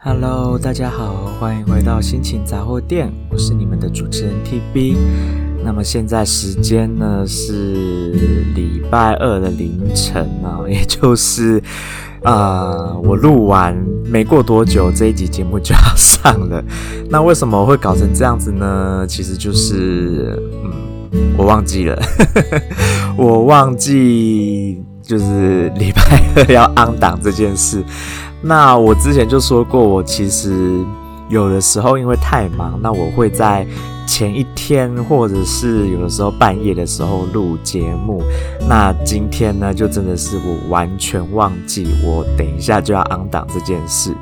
Hello，大家好，歡迎回到心情雜貨店，我是你們的主持人 TB。那麼現在時間呢是禮拜二的凌晨啊、哦，也就是啊、呃，我錄完沒過多久，這一集節目就要上了。那為什麼會搞成這樣子呢？其實就是，嗯，我忘記了， 我忘記就是禮拜二要 on 檔這件事。那我之前就說過，我其實有的時候因為太忙，那我會在前一天或者是有的時候半夜的時候錄節目。那今天呢，就真的是我完全忘記我等一下就要 on 檔這件事。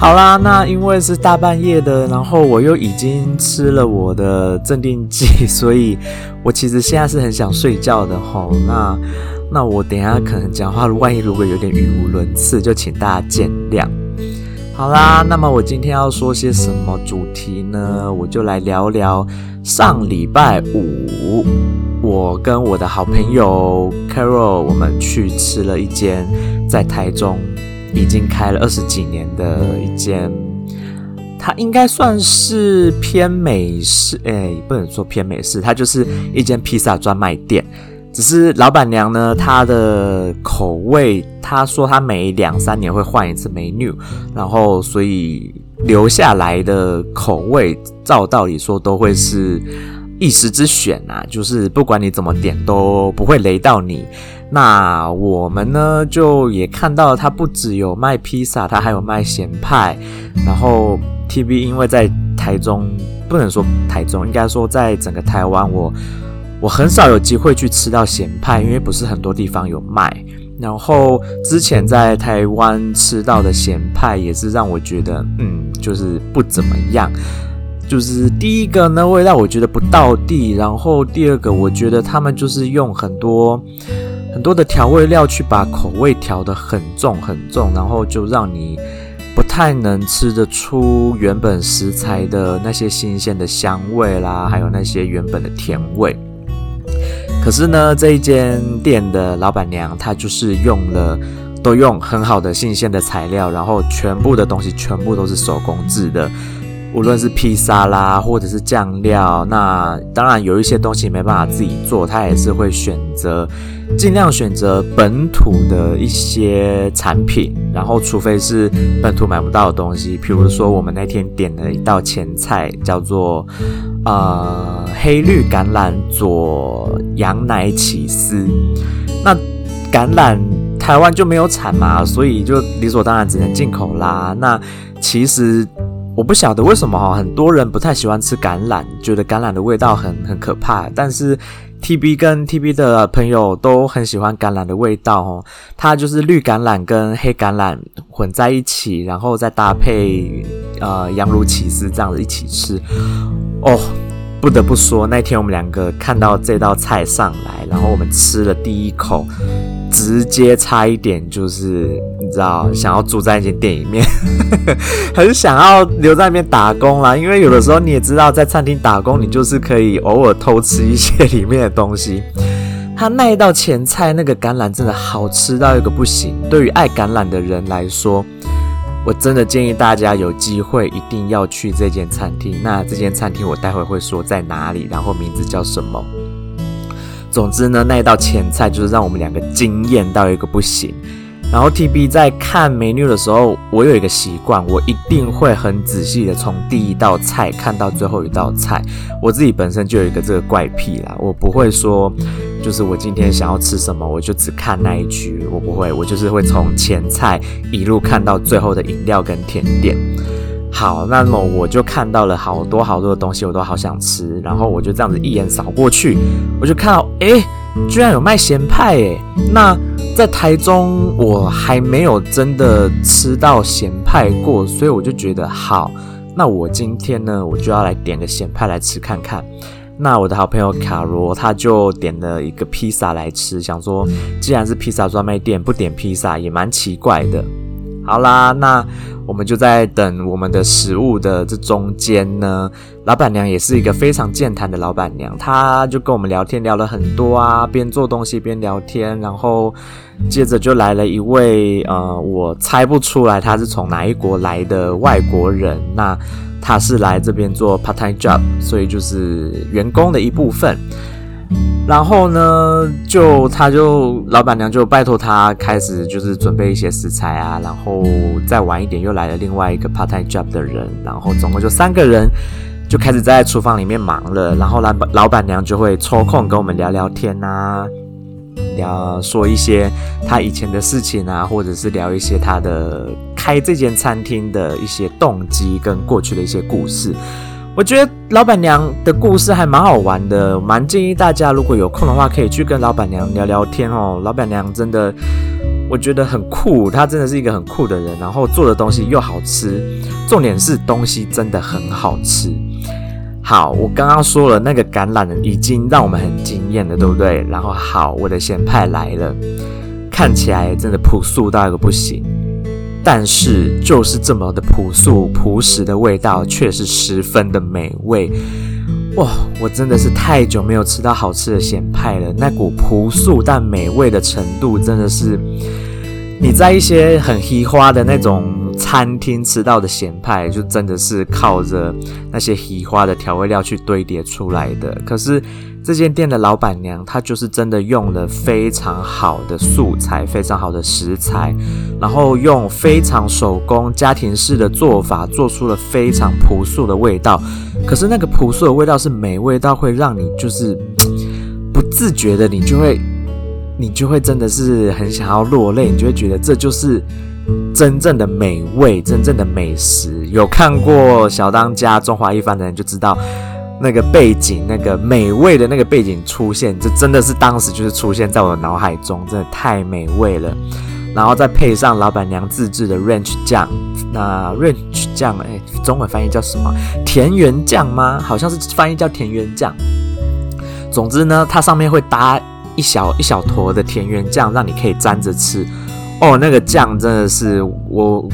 好啦，那因為是大半夜的，然後我又已經吃了我的鎮定劑，所以我其實現在是很想睡覺的吼。那那我等一下可能講話，萬一如果有點語無倫次，就請大家見諒。好啦，那麼我今天要說些什麼主題呢？我就來聊聊上禮拜五，我跟我的好朋友 Carol 我們去吃了一間在台中。已經開了二十幾年的一間，它應該算是偏美式，哎、欸，不能說偏美式，它就是一間披薩專賣店。只是老闆娘呢，她的口味，她說她每兩三年會換一次 menu，然後所以留下來的口味，照道理說都會是一時之選啊，就是不管你怎麼點都不會雷到你。那我們呢，就也看到了他不只有賣披薩，他還有賣鹹派。然後 TV 因為在台中，不能說台中，應該說在整個台灣我，我我很少有機會去吃到鹹派，因為不是很多地方有賣。然後之前在台灣吃到的鹹派，也是讓我覺得，嗯，就是不怎麼樣。就是第一個呢，味道我覺得不道地。然後第二個，我覺得他們就是用很多。很多的調味料去把口味調得很重很重，然後就讓你不太能吃得出原本食材的那些新鮮的香味啦，還有那些原本的甜味。可是呢，這一間店的老闆娘她就是用了，都用很好的新鮮的材料，然後全部的東西全部都是手工製的。無論是披薩啦，或者是醬料。那當然有一些東西沒辦法自己做，他也是會選擇盡量選擇本土的一些產品，然後除非是本土買不到的東西，譬如說我們那天點了一道前菜，叫做啊、呃、黑綠橄欖佐羊奶起司，那橄欖台灣就沒有產嘛，所以就理所當然只能進口啦。那其實。我不曉得為什麼哈、哦，很多人不太喜歡吃橄欖，覺得橄欖的味道很很可怕。但是 TB 跟 TB 的朋友都很喜歡橄欖的味道哦。它就是綠橄欖跟黑橄欖混在一起，然後再搭配呃羊乳起司這樣子一起吃哦。不得不說，那天我們兩個看到這道菜上來，然後我們吃了第一口，直接差一點就是你知道，想要住在一間店裡面，呵呵，很想要留在那邊打工啦。因為有的時候你也知道，在餐廳打工，你就是可以偶爾偷吃一些裡面的東西。他那一道前菜，那個橄欖真的好吃到一個不行，對於愛橄欖的人來說。我真的建議大家有機會一定要去這間餐廳。那這間餐廳我待會會說在哪裡，然後名字叫什麼。總之呢，那一道前菜就是讓我們兩個驚艷到一個不行。然後 TB 在看 Menu 的時候，我有一個習慣，我一定會很仔細的從第一道菜看到最後一道菜。我自己本身就有一個這個怪癖啦，我不會說。就是我今天想要吃什麼，我就只看那一局。我不會，我就是會從前菜一路看到最後的飲料跟甜點。好，那麼我就看到了好多好多的東西，我都好想吃。然後我就這樣子一眼掃過去，我就看到，誒，居然有賣鹹派，誒，那在台中我還沒有真的吃到鹹派過，所以我就覺得好，那我今天呢，我就要來點個鹹派來吃看看。那我的好朋友卡羅他就點了一個披薩來吃，想說，既然是披薩專賣店，不點披薩也蠻奇怪的。好啦，那我們就在等我們的食物的這中間呢。老闆娘也是一個非常健談的老闆娘，她就跟我們聊天聊了很多啊，邊做東西邊聊天。然後接着就來了一位，呃，我猜不出來他是從哪一國來的外國人。那他是來這邊做 part-time job，所以就是員工的一部分。然後呢，就他就老闆娘就拜託他開始就是準備一些食材啊，然後再晚一點又來了另外一個 part time job 的人，然後總共就三個人就開始在廚房裡面忙了。然後老闆老闆娘就會抽空跟我們聊聊天啊，聊說一些他以前的事情啊，或者是聊一些他的開這間餐廳的一些動機跟過去的一些故事。我覺得老闆娘的故事還蠻好玩的，蠻建議大家如果有空的話，可以去跟老闆娘聊聊天哦。老闆娘真的，我覺得很酷，她真的是一個很酷的人，然後做的東西又好吃，重點是東西真的很好吃。好，我剛剛說了那個橄欖已經讓我們很驚艷了，對不對？然後好，我的鹹派來了，看起來真的樸素到一個不行。但是，就是這麼的樸素樸實的味道，卻是十分的美味。哇、哦，我真的是太久沒有吃到好吃的鹹派了，那股樸素但美味的程度，真的是你在一些很嘻花的那種。餐廳吃到的鹹派，就真的是靠着那些奇花的調味料去堆疊出來的。可是這間店的老闆娘，她就是真的用了非常好的素材，非常好的食材，然後用非常手工家庭式的做法，做出了非常樸素的味道。可是那個樸素的味道是美味到會讓你就是不自覺的，你就會你就會真的是很想要落淚，你就會覺得這就是。真正的美味，真正的美食，有看過《小當家》中華一番的人就知道，那個背景，那個美味的那個背景出現，這真的是當時就是出現在我的腦海中，真的太美味了。然後再配上老闆娘自制的 ranch 醬，那 ranch 醬哎、欸，中文翻譯叫什麼？田園醬嗎？好像是翻譯叫田園醬。總之呢，它上面會搭一小一小坨的田園醬，讓你可以沾着吃。哦，那個醬真的是我，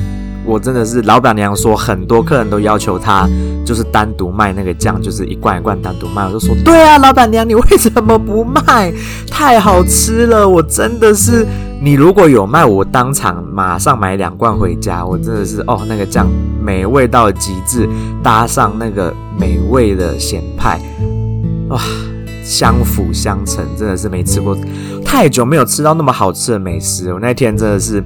我真的是老闆娘說很多客人都要求她，就是單獨賣那個醬，就是一罐一罐單獨賣。我就說，對啊，老闆娘你為什麼不賣？太好吃了，我真的是，你如果有賣，我當場馬上買兩罐回家。我真的是，哦，那個醬美味到極致，搭上那個美味的鹹派，哇、哦！相輔相成，真的是沒吃過太久，沒有吃到那麼好吃的美食。我那天真的是，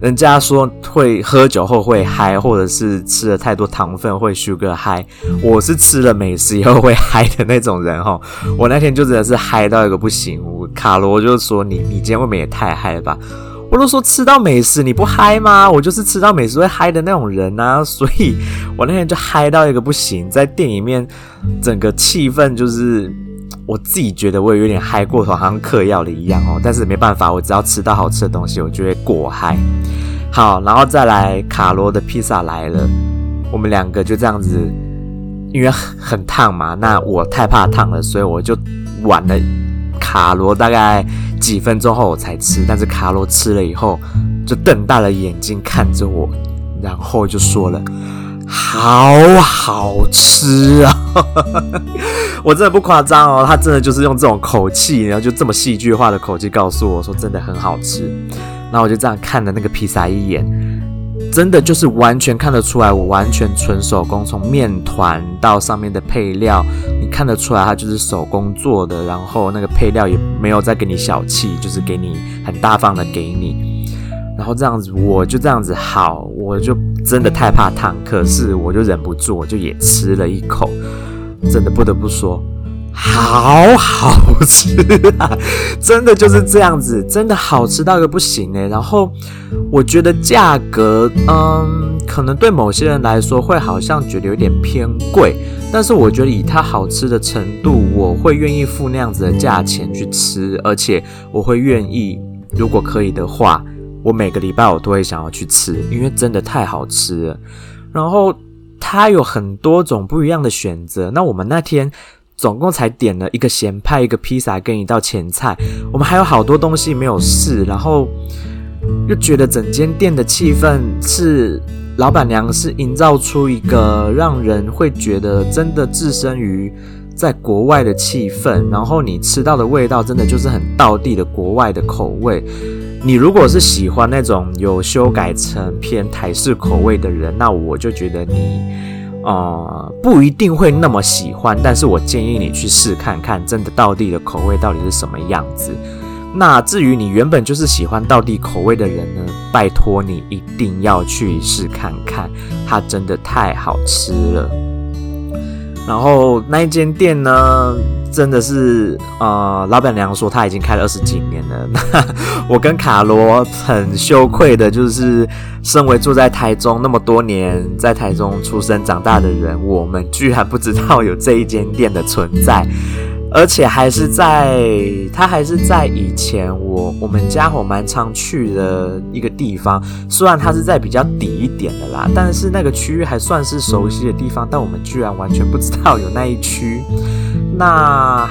人家說會喝酒後會嗨，或者是吃了太多糖分會 sugar 嗨。我是吃了美食以後會嗨的那種人齁。我那天就真的是嗨到一個不行。我卡羅就說你：“你你今天未免也太嗨了吧？”我都說吃到美食你不嗨嗎？我就是吃到美食會嗨的那種人啊，所以我那天就嗨到一個不行，在店裡面整個氣氛就是。我自己覺得我也有點嗨過頭，好像嗑藥了一樣哦。但是沒辦法，我只要吃到好吃的東西，我就會過嗨。好，然後再來卡羅的披薩來了。我們兩個就這樣子，因為很燙嘛，那我太怕燙了，所以我就晚了卡羅大概幾分鐘後我才吃。但是卡羅吃了以後，就瞪大了眼睛看着我，然後就說了。好好吃啊！ 我真的不誇張哦，他真的就是用這種口氣，然後就這麼戲劇化的口氣告訴我說，真的很好吃。那我就這樣看了那個披薩一眼，真的就是完全看得出來，我完全純手工，從麵團到上面的配料，你看得出來，它就是手工做的。然後那個配料也沒有再給你小氣，就是給你很大方的給你。然後這樣子，我就這樣子好，我就真的太怕燙，可是我就忍不住，我就也吃了一口。真的不得不說，好好吃啊！真的就是這樣子，真的好吃到一個不行哎，欸。然後我覺得價格，嗯，可能對某些人來說會好像覺得有點偏貴，但是我覺得以它好吃的程度，我會願意付那樣子的價錢去吃，而且我會願意，如果可以的話。我每個禮拜我都會想要去吃，因為真的太好吃了。然後它有很多種不一樣的選擇。那我們那天總共才點了一個鹹派、一個披薩跟一道前菜，我們還有好多東西沒有試。然後又覺得整間店的氣氛是老闆娘是營造出一個讓人會覺得真的置身於在國外的氣氛，然後你吃到的味道真的就是很道地的國外的口味。你如果是喜歡那種有修改成偏台式口味的人，那我就覺得你，呃，不一定會那麼喜歡。但是我建議你去試看看，真的道地的口味到底是什麼樣子。那至於你原本就是喜歡道地口味的人呢，拜託你一定要去試看看，它真的太好吃了。然後那一間店呢，真的是，呃，老闆娘說她已經開了二十幾年了。那我跟卡羅很羞愧的，就是身為住在台中那麼多年，在台中出生長大的人，我們居然不知道有這一間店的存在，而且還是在，他還是在以前我我們家伙蠻常去的一個地方。雖然它是在比較底一點的啦，但是那個區域還算是熟悉的地方，但我們居然完全不知道有那一區。那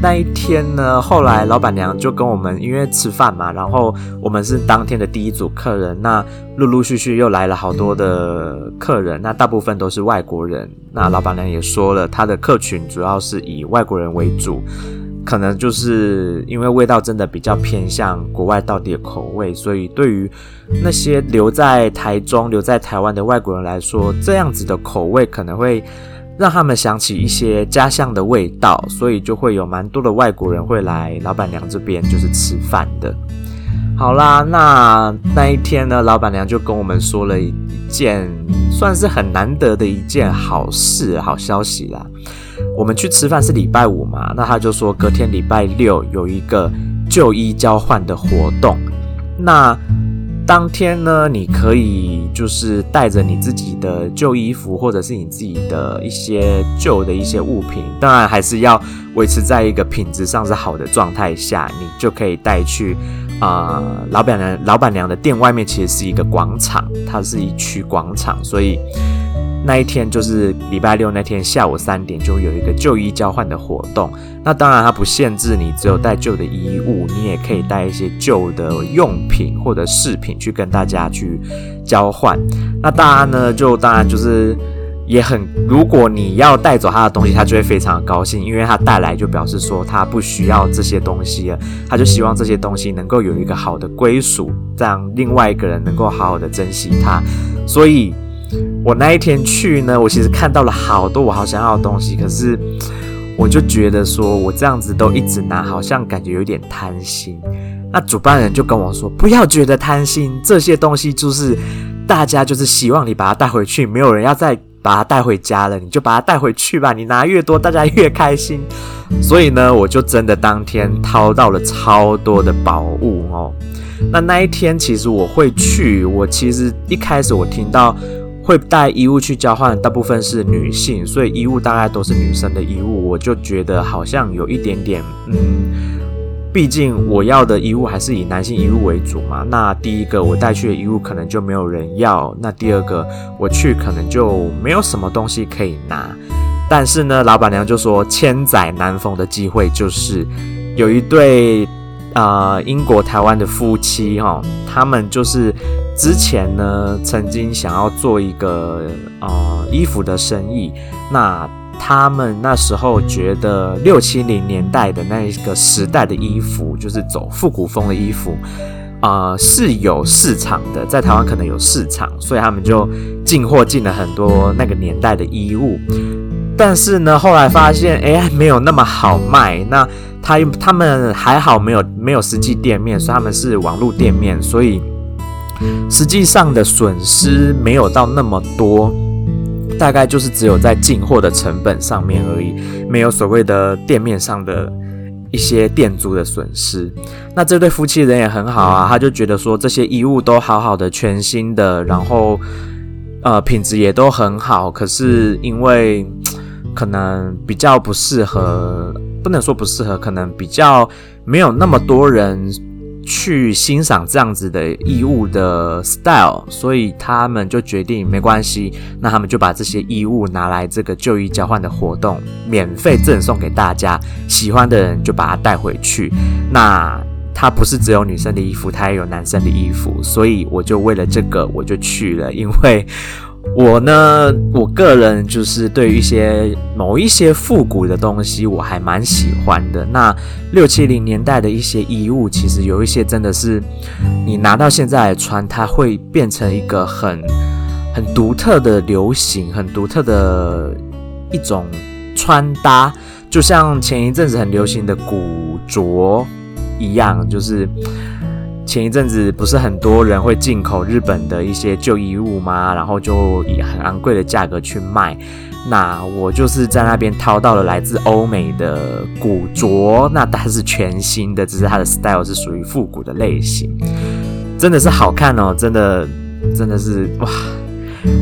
那一天呢，後來老闆娘就跟我們，因為吃飯嘛，然後我們是當天的第一組客人。那陸陸續續又來了好多的客人，那大部分都是外國人。那老闆娘也說了，她的客群主要是以外國人為主，可能就是因為味道真的比較偏向國外道地的口味，所以對於那些留在台中，留在台灣的外國人來說，這樣子的口味可能會讓他們想起一些家鄉的味道，所以就會有蠻多的外國人會來老闆娘這邊就是吃飯的。好啦，那那一天呢，老闆娘就跟我們說了一件算是很難得的一件好事，好消息啦。我們去吃飯是禮拜五嘛，那他就說隔天禮拜六有一個舊衣交換的活動。那當天呢，你可以就是帶着你自己的舊衣服，或者是你自己的一些舊的一些物品，當然還是要維持在一個品質上是好的狀態下，你就可以帶去啊、呃、老闆娘老闆娘的店外面，其實是一個廣場，它是一區廣場，所以。那一天就是禮拜六那天下午三點，就有一個舊衣交換的活動。那當然，它不限制你，只有帶舊的衣物，你也可以帶一些舊的用品或者飾品去跟大家去交換。那大家呢，就當然就是也很，如果你要帶走他的東西，他就會非常的高興，因為他帶來就表示說他不需要這些東西了，他就希望這些東西能夠有一個好的歸屬，這樣另外一個人能夠好好的珍惜他。所以。我那一天去呢，我其實看到了好多我好想要的東西，可是我就覺得說，我這樣子都一直拿，好像感覺有點貪心。那主辦人就跟我說：“不要覺得貪心，這些東西就是大家就是希望你把它帶回去，沒有人要再把它帶回家了，你就把它帶回去吧。你拿越多，大家越開心。”所以呢，我就真的當天掏到了超多的寶物哦。那那一天其實我會去，我其實一開始我聽到。會帶衣物去交換，大部分是女性，所以衣物大概都是女生的衣物。我就覺得好像有一點點，嗯，畢竟我要的衣物還是以男性衣物為主嘛。那第一個我帶去的衣物可能就沒有人要，那第二個我去可能就沒有什麼東西可以拿。但是呢，老板娘就說千載難逢的機會，就是有一對。呃，英國臺灣的夫妻哈、哦，他們就是之前呢，曾經想要做一個呃衣服的生意。那他們那時候覺得六七零年代的那一個時代的衣服，就是走復古風的衣服，啊、呃、是有市場的，在臺灣可能有市場，所以他們就進貨進了很多那個年代的衣物。但是呢，後來發現，哎，沒有那麼好賣。那他他們還好沒有沒有實際店面，所以他們是網絡店面，所以實際上的損失沒有到那麼多，大概就是只有在進貨的成本上面而已，沒有所謂的店面上的一些店租的損失。那這對夫妻人也很好啊，他就覺得說，這些衣物都好好的，全新的，然後呃品質也都很好，可是因為。可能比較不適合，不能說不適合，可能比較沒有那麼多人去欣賞這樣子的衣物的 style，所以他們就決定沒關係。那他們就把這些衣物拿來這個舊衣交換的活動，免費贈送給大家，喜歡的人就把它帶回去。那它不是只有女生的衣服，它也有男生的衣服，所以我就為了這個我就去了，因為。我呢，我個人就是對於一些某一些復古的東西，我還蠻喜歡的。那六七零年代的一些衣物，其實有一些真的是你拿到現在來穿，它會變成一個很很獨特的流行，很獨特的一種穿搭，就像前一陣子很流行的古着一樣，就是。前一陣子不是很多人會進口日本的一些舊衣物嗎？然後就以很昂貴的價格去賣。那我就是在那邊掏到了來自歐美的古着，那它是全新的，只是它的 style 是屬於復古的類型，真的是好看哦！真的，真的是哇！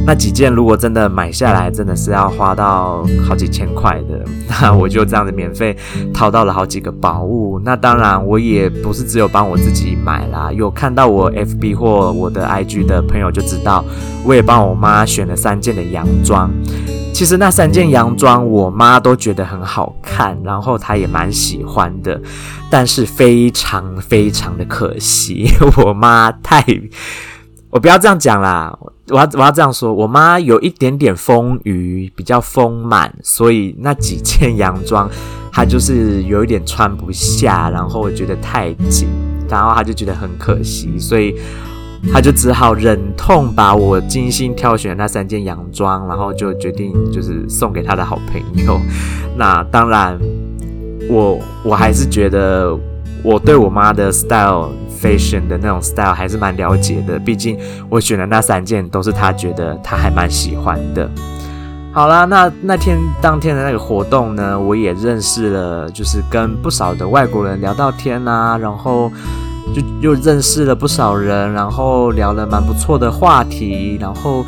那幾件如果真的買下來，真的是要花到好幾千塊的。那我就這樣子免費淘到了好幾個寶物。那當然，我也不是只有幫我自己買啦。有看到我 FB 或我的 IG 的朋友就知道，我也幫我媽選了三件的洋裝。其實那三件洋裝我媽都覺得很好看，然後她也蠻喜歡的。但是非常非常的可惜，我媽太。我不要這樣講啦，我要我要這樣說，我媽有一點點豐腴，比較豐滿，所以那幾件洋裝，她就是有一點穿不下，然後我覺得太緊，然後她就覺得很可惜，所以她就只好忍痛把我精心挑選的那三件洋裝，然後就決定就是送給她的好朋友。那當然，我我我還是覺得。我對我媽的 style、fashion 的那種 style 還是蠻了解的，畢竟我選的那三件都是她覺得她還蠻喜歡的。好啦，那那天當天的那個活動呢，我也認識了，就是跟不少的外國人聊到天啊，然後就又認識了不少人，然後聊了蠻不錯的話題，然後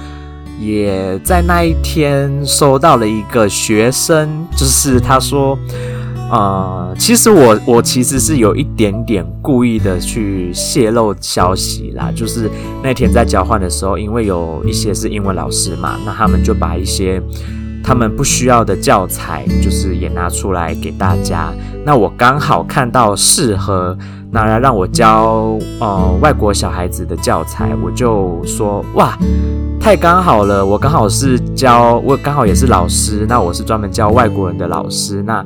也在那一天收到了一個學生，就是他說。呃，其實我我其實是有一點點故意的去洩露消息啦，就是那天在交換的時候，因為有一些是英文老師嘛，那他們就把一些他們不需要的教材，就是也拿出來給大家。那我剛好看到適合拿來讓我教呃外國小孩子的教材，我就說，哇，太剛好了，我剛好是教，我剛好也是老師，那我是專門教外國人的老師，那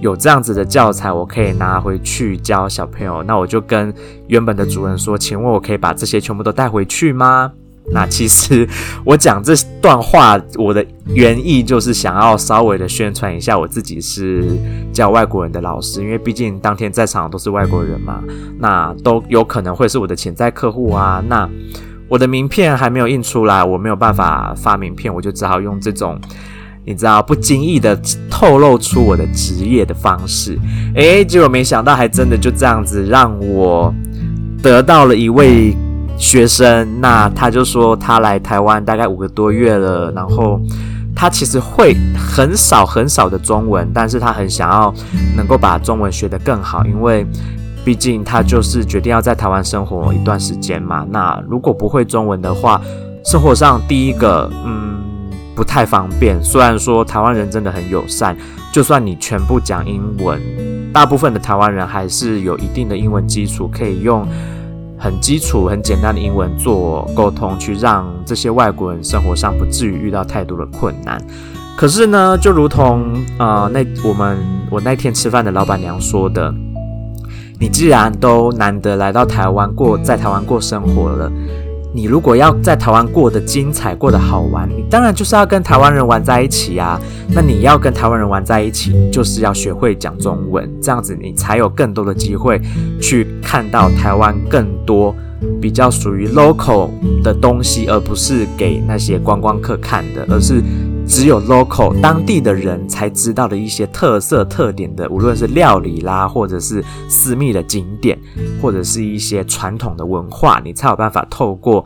有這樣子的教材，我可以拿回去教小朋友。那我就跟原本的主人說：“請問，我可以把這些全部都帶回去嗎？”那其實我講這段話，我的原意就是想要稍微的宣傳一下我自己是教外國人的老師，因為畢竟當天在場都是外國人嘛，那都有可能會是我的潛在客戶啊。那我的名片還沒有印出來，我沒有辦法發名片，我就只好用這種。你知道，不經意地透露出我的職業的方式，誒、欸，結果沒想到還真的就這樣子讓我得到了一位學生。那他就說他來台灣大概五個多月了，然後他其實會很少很少的中文，但是他很想要能夠把中文學得更好，因為畢竟他就是決定要在台灣生活一段時間嘛。那如果不會中文的話，生活上第一個嗯。不太方便。雖然說台灣人真的很友善，就算你全部講英文，大部分的台灣人還是有一定的英文基礎，可以用很基礎、很簡單的英文做溝通，去讓這些外國人生活上不至於遇到太多的困難。可是呢，就如同呃，那我們我那天吃飯的老闆娘說的，你既然都難得來到台灣過，在台灣過生活了。你如果要在台灣過得精彩，過得好玩，你當然就是要跟台灣人玩在一起啊。那你要跟台灣人玩在一起，就是要學會講中文，這樣子你才有更多的機會去看到台灣更多比較屬於 local 的東西，而不是給那些觀光客看的，而是只有 local 當地的人才知道的一些特色特點的，無論是料理啦，或者是私密的景點，或者是一些傳統的文化，你才有辦法透過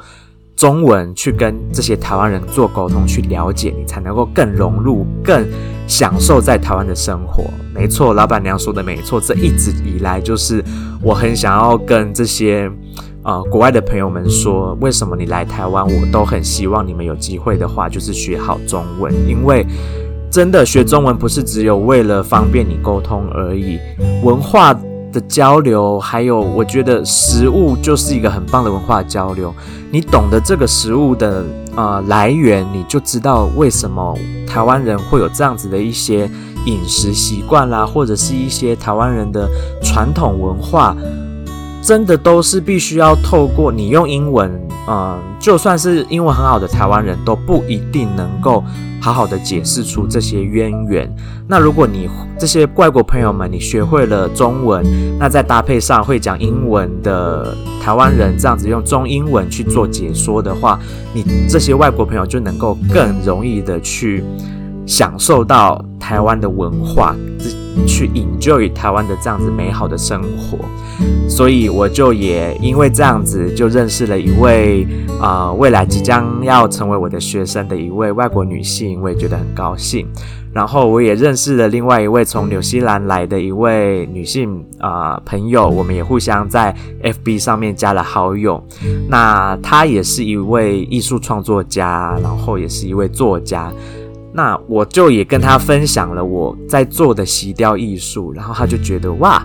中文去跟這些台灣人做溝通，去了解，你才能夠更融入、更享受在台灣的生活。沒錯，老闆娘說的沒錯，這一直以來就是我很想要跟這些。啊、呃！國外的朋友們說，為什麼你來台灣？我都很希望你們有機會的話，就是學好中文，因為真的學中文不是只有為了方便你溝通而已。文化的交流，還有我覺得食物就是一個很棒的文化交流。你懂得這個食物的啊、呃、來源，你就知道為什麼台灣人會有這樣子的一些飲食習慣啦，或者是一些台灣人的傳統文化。真的都是必須要透過你用英文，嗯，就算是英文很好的台灣人都不一定能夠好好的解釋出這些淵源。那如果你這些外國朋友們你學會了中文，那在搭配上會講英文的台灣人這樣子用中英文去做解說的話，你這些外國朋友就能夠更容易的去。享受到台灣的文化，去 enjoy 台灣的這樣子美好的生活，所以我就也因為這樣子就認識了一位啊、呃、未來即將要成為我的學生的一位外國女性，我也覺得很高興。然後我也認識了另外一位從紐西蘭來的一位女性啊、呃、朋友，我們也互相在 FB 上面加了好友。那她也是一位藝術創作家，然後也是一位作家。那我就也跟他分享了我在做的洗雕藝術，然後他就覺得，哇，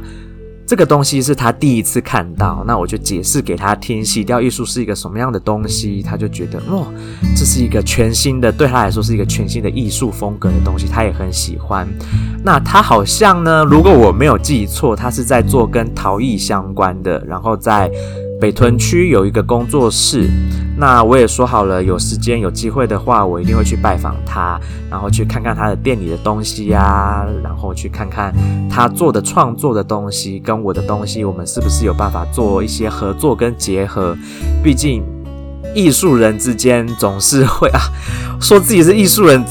這個東西是他第一次看到。那我就解釋給他聽，洗雕藝術是一個什麼樣的東西，他就覺得，哦，這是一個全新的，對他來說是一個全新的藝術風格的東西，他也很喜歡。那他好像呢，如果我沒有記錯，他是在做跟陶藝相關的，然後在。北屯區有一個工作室，那我也說好了，有時間有機會的話，我一定會去拜訪他，然後去看看他的店裡的東西呀，然後去看看他做的創作的東西跟我的東西，我們是不是有辦法做一些合作跟結合？畢竟藝術人之間總是會啊，說自己是藝術人，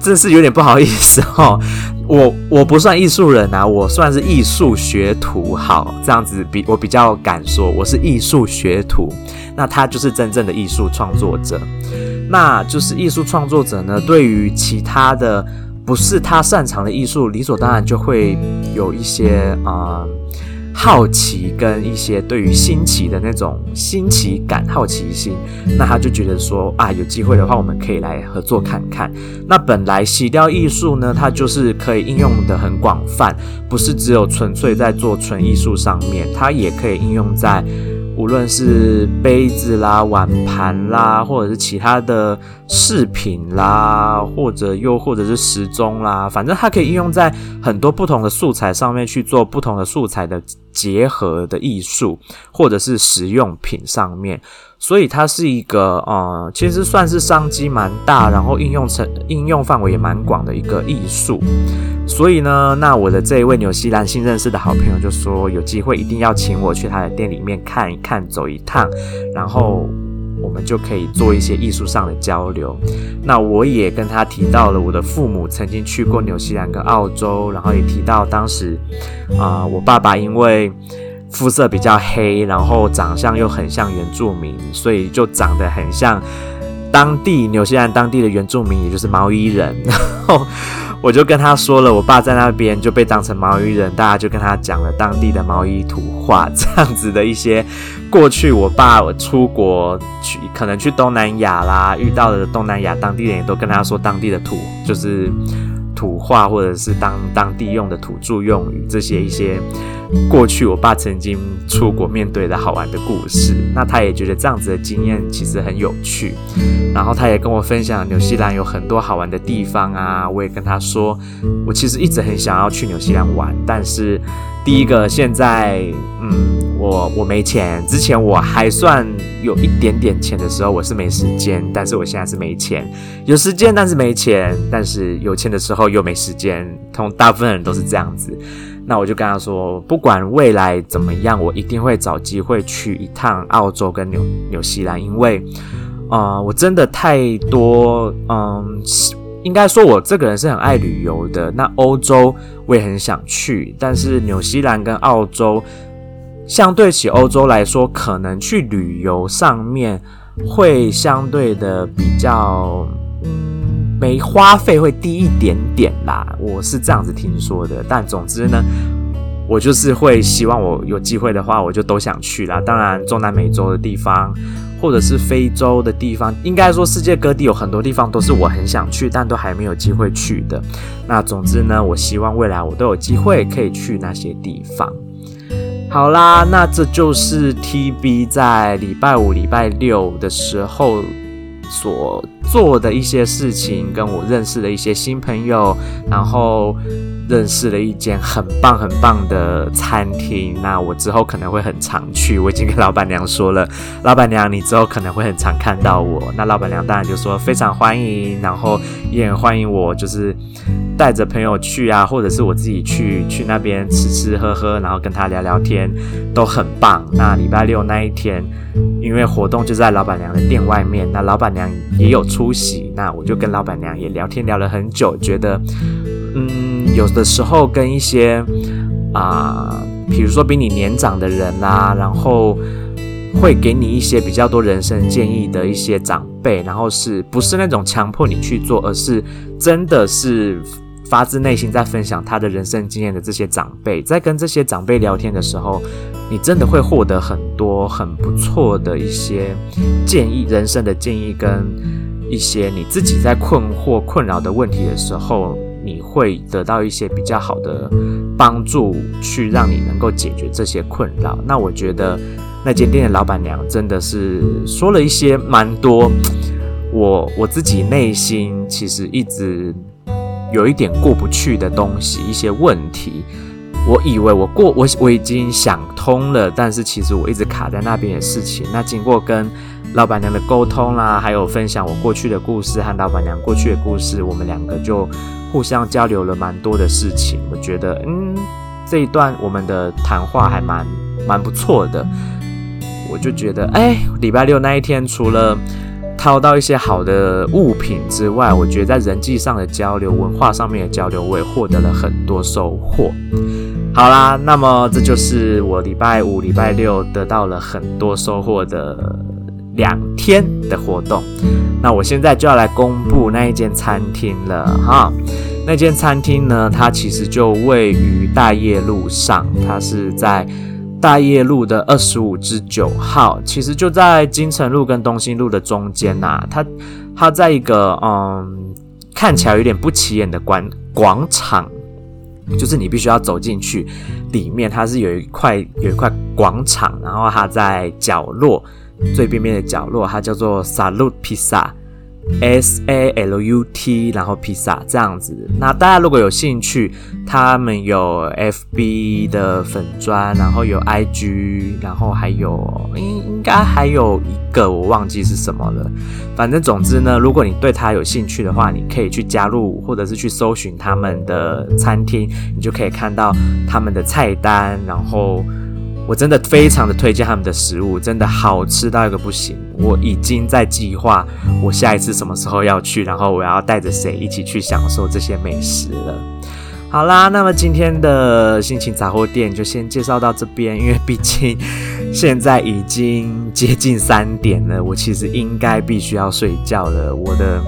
真是有點不好意思哦。我我不算藝術人啊，我算是藝術學徒。好，這樣子比我比較敢說，我是藝術學徒。那他就是真正的藝術創作者，那就是藝術創作者呢，對於其他的不是他擅長的藝術，理所當然就會有一些啊。呃好奇跟一些對於新奇的那種新奇感、好奇心，那他就覺得說啊，有機會的話，我們可以來合作看看。那本來洗雕藝術呢，它就是可以應用得很廣泛，不是只有純粹在做純藝術上面，它也可以應用在無論是杯子啦、碗盤啦，或者是其他的飾品啦，或者又或者是時鐘啦，反正它可以應用在很多不同的素材上面去做不同的素材的，結合的藝術，或者是實用品上面，所以它是一個呃，其實算是商機蠻大，然後應用成應用範圍也蠻廣的一個藝術。所以呢，那我的這一位紐西蘭新認識的好朋友就說，有機會一定要請我去他的店裡面看一看，走一趟，然後。我們就可以做一些藝術上的交流。那我也跟他提到了我的父母曾經去過紐西蘭跟澳洲，然後也提到當時，啊、呃，我爸爸因為膚色比較黑，然後長相又很像原住民，所以就長得很像當地紐西蘭當地的原住民，也就是毛利人。然後。我就跟他說了，我爸在那邊就被當成毛衣人，大家就跟他講了當地的毛衣土話，這樣子的一些過去，我爸我出國去，可能去東南亞啦，遇到的東南亞當地人也都跟他說當地的土，就是。土話或者是當當地用的土著用語，這些一些過去我爸曾經出國面對的好玩的故事，那他也覺得這樣子的經驗其實很有趣。然後他也跟我分享紐西蘭有很多好玩的地方啊，我也跟他說，我其實一直很想要去紐西蘭玩，但是第一個現在，嗯，我我沒錢，之前我還算。有一點點錢的時候，我是沒時間；但是我現在是沒錢，有時間但是沒錢；但是有錢的時候又沒時間，同大部分人都是這樣子。那我就跟他說，不管未來怎麼樣，我一定會找機會去一趟澳洲跟紐紐西蘭，因為啊、呃，我真的太多，嗯、呃，應該說我這個人是很愛旅遊的。那歐洲我也很想去，但是紐西蘭跟澳洲。相對起歐洲來說，可能去旅遊上面會相對的比較，沒花費會低一點點啦。我是這樣子聽說的。但總之呢，我就是會希望我有機會的話，我就都想去啦。當然，中南美洲的地方，或者是非洲的地方，應該說世界各地有很多地方都是我很想去，但都還沒有機會去的。那總之呢，我希望未來我都有機會可以去那些地方。好啦，那這就是 TB 在禮拜五、禮拜六的時候，所做的一些事情，跟我認識的一些新朋友，然後。認識了一間很棒很棒的餐廳，那我之後可能會很常去。我已經跟老闆娘說了，老闆娘你之後可能會很常看到我。那老闆娘當然就說非常歡迎，然後也很歡迎我，就是帶着朋友去啊，或者是我自己去去那邊吃吃喝喝，然後跟他聊聊天，都很棒。那禮拜六那一天，因為活動就在老闆娘的店外面，那老闆娘也有出席，那我就跟老闆娘也聊天聊了很久，覺得。有的時候跟一些啊、呃，比如說比你年長的人啦、啊，然後會給你一些比較多人生建議的一些長輩，然後是不是那種強迫你去做，而是真的是發自內心在分享他的人生經驗的這些長輩。在跟這些長輩聊天的時候，你真的會獲得很多很不錯的一些建議，人生的建議跟一些你自己在困惑、困擾的問題的時候，你會得到一些比較好的幫助，去讓你能夠解決這些困擾。那我覺得那間店的老板娘真的是說了一些蠻多，我我自己內心其實一直有一點過不去的東西，一些問題。我以為我過我我已經想通了，但是其實我一直卡在那邊的事情。那經過跟老闆娘的溝通啦，還有分享我過去的故事和老闆娘過去的故事，我們兩個就互相交流了蠻多的事情。我覺得，嗯，這一段我們的談話還蠻蠻不錯的。我就覺得，哎，禮拜六那一天，除了掏到一些好的物品之外，我覺得在人際上的交流、文化上面的交流，我也獲得了很多收穫。好啦，那麼這就是我禮拜五、禮拜六得到了很多收穫的兩天的活動。那我現在就要來公布那一間餐廳了哈。那間餐廳呢，它其實就位於大業路上，它是在大業路的二十五之九號，其實就在金城路跟東興路的中間吶、啊。它它在一個嗯，看起來有點不起眼的廣廣場。就是你必須要走進去，裡面它是有一塊有一塊廣場，然後它在角落最邊邊的角落，它叫做 Salute Pizza。S A L U T，然後披薩這樣子。那大家如果有興趣，他們有 F B 的粉專，然後有 I G，然後還有應應該還有一個我忘記是什麼了。反正總之呢，如果你對他有興趣的話，你可以去加入或者是去搜尋他們的餐廳，你就可以看到他們的菜單，然後。我真的非常的推薦他們的食物，真的好吃到一個不行。我已經在計劃我下一次什麼時候要去，然後我要帶着誰一起去享受這些美食了。好啦，那麼今天的心情雜貨店就先介紹到這邊，因為畢竟現在已經接近三點了，我其實應該必須要睡覺了。我的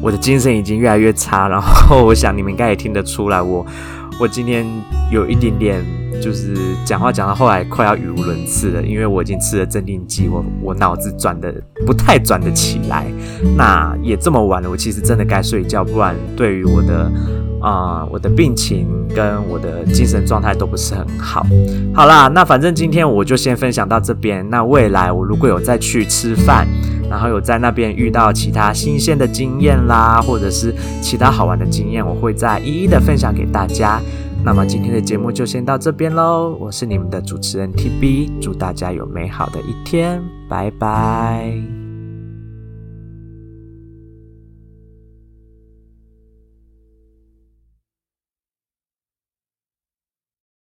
我的精神已經越來越差，然後我想你們應該也聽得出來，我我今天有一點點。就是講話講到後來快要語無倫次了，因為我已經吃了鎮定劑，我我腦子轉得不太轉得起來。那也這麼晚了，我其實真的該睡覺，不然對於我的啊、呃、我的病情跟我的精神狀態都不是很好。好啦，那反正今天我就先分享到這邊。那未來我如果有再去吃飯，然後有在那邊遇到其他新鮮的經驗啦，或者是其他好玩的經驗，我會再一一的分享給大家。那麼今天的節目就先到這邊嘍，我是你們的主持人 TB，祝大家有美好的一天，拜拜。